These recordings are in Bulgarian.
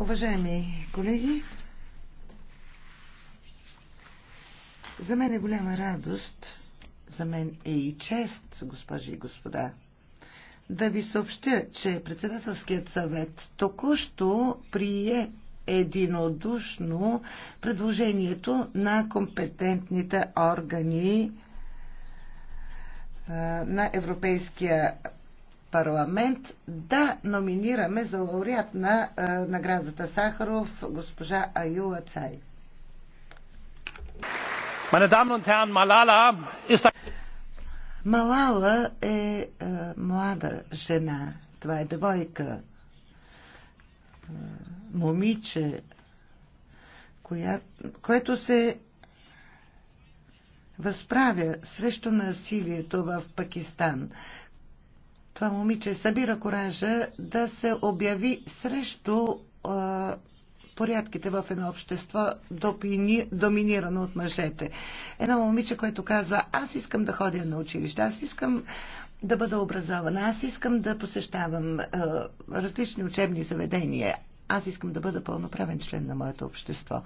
Уважаеми колеги, за мен е голяма радост, за мен е и чест, госпожи и господа, да ви съобщя, че председателският съвет току-що прие единодушно предложението на компетентните органи на Европейския парламент да номинираме за лауреат на наградата Сахаров госпожа Аюла Цай. Малала е млада жена. Това е девойка, момиче, коя, което се възправя срещу насилието в Пакистан, това момиче събира коража да се обяви срещу а, порядките в едно общество, допини, доминирано от мъжете. Едно момиче, което казва, аз искам да ходя на училище, аз искам да бъда образована, аз искам да посещавам а, различни учебни заведения, аз искам да бъда пълноправен член на моето общество.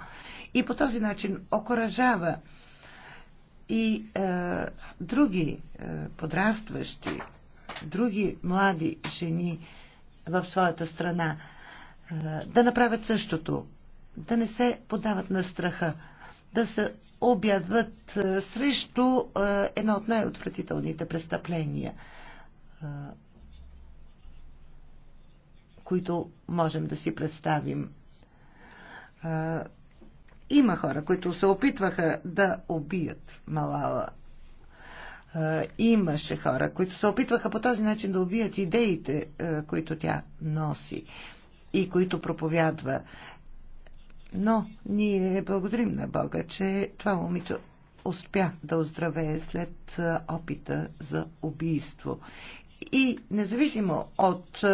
И по този начин окоръжава и е, други е, подрастващи други млади жени в своята страна да направят същото, да не се подават на страха, да се обяват срещу едно от най-отвратителните престъпления, които можем да си представим. Има хора, които се опитваха да убият Малала имаше хора, които се опитваха по този начин да убият идеите, които тя носи и които проповядва. Но ние благодарим на Бога, че това момиче успя да оздравее след опита за убийство. И независимо от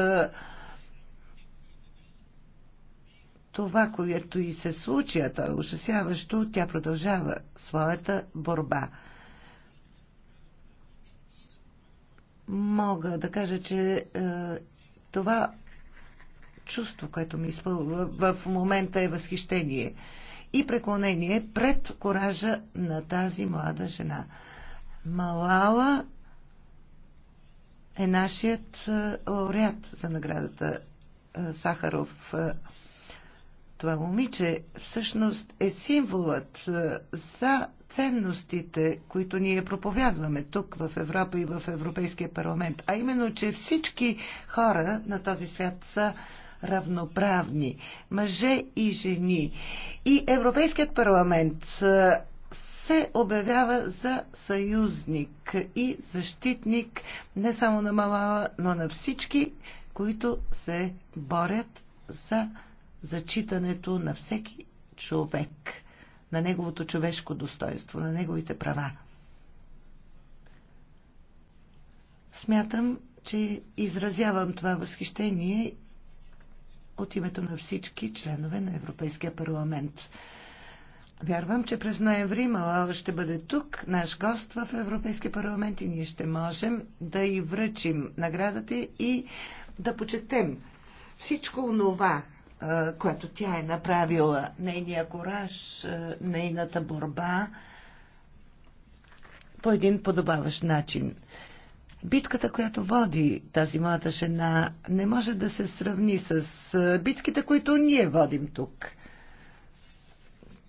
това, което и се случи, а то е ужасяващо, тя продължава своята борба. мога да кажа, че е, това чувство, което ми изпълва в момента е възхищение и преклонение пред коража на тази млада жена. Малала е нашият е, лауреат за наградата е, Сахаров. Е, това момиче всъщност е символът за ценностите, които ние проповядваме тук в Европа и в Европейския парламент, а именно, че всички хора на този свят са равноправни, мъже и жени. И Европейският парламент се обявява за съюзник и защитник не само на Малала, но на всички, които се борят за зачитането на всеки човек на неговото човешко достоинство, на неговите права. Смятам, че изразявам това възхищение от името на всички членове на Европейския парламент. Вярвам, че през ноември Малала ще бъде тук, наш гост в Европейския парламент и ние ще можем да и връчим наградата и да почетем всичко онова, което тя е направила, нейния кораж, нейната борба по един подобаващ начин. Битката, която води тази млада жена, не може да се сравни с битките, които ние водим тук.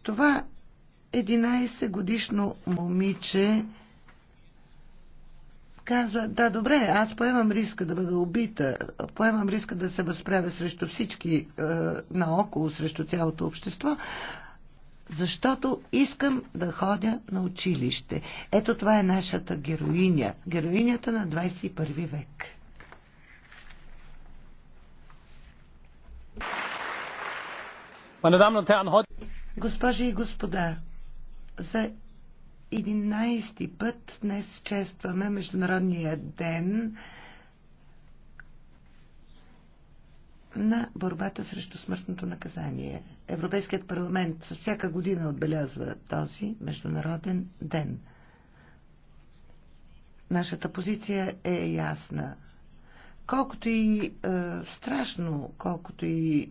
Това 11 годишно момиче казва, да, добре, аз поемам риска да бъда убита, поемам риска да се възправя срещу всички е, наоколо, срещу цялото общество, защото искам да ходя на училище. Ето това е нашата героиня, героинята на 21 век. Госпожи и господа, за 11 път днес честваме Международния ден на борбата срещу смъртното наказание. Европейският парламент всяка година отбелязва този Международен ден. Нашата позиция е ясна. Колкото и е, страшно, колкото и е,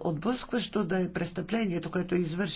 отблъскващо да е престъплението, което е извърши,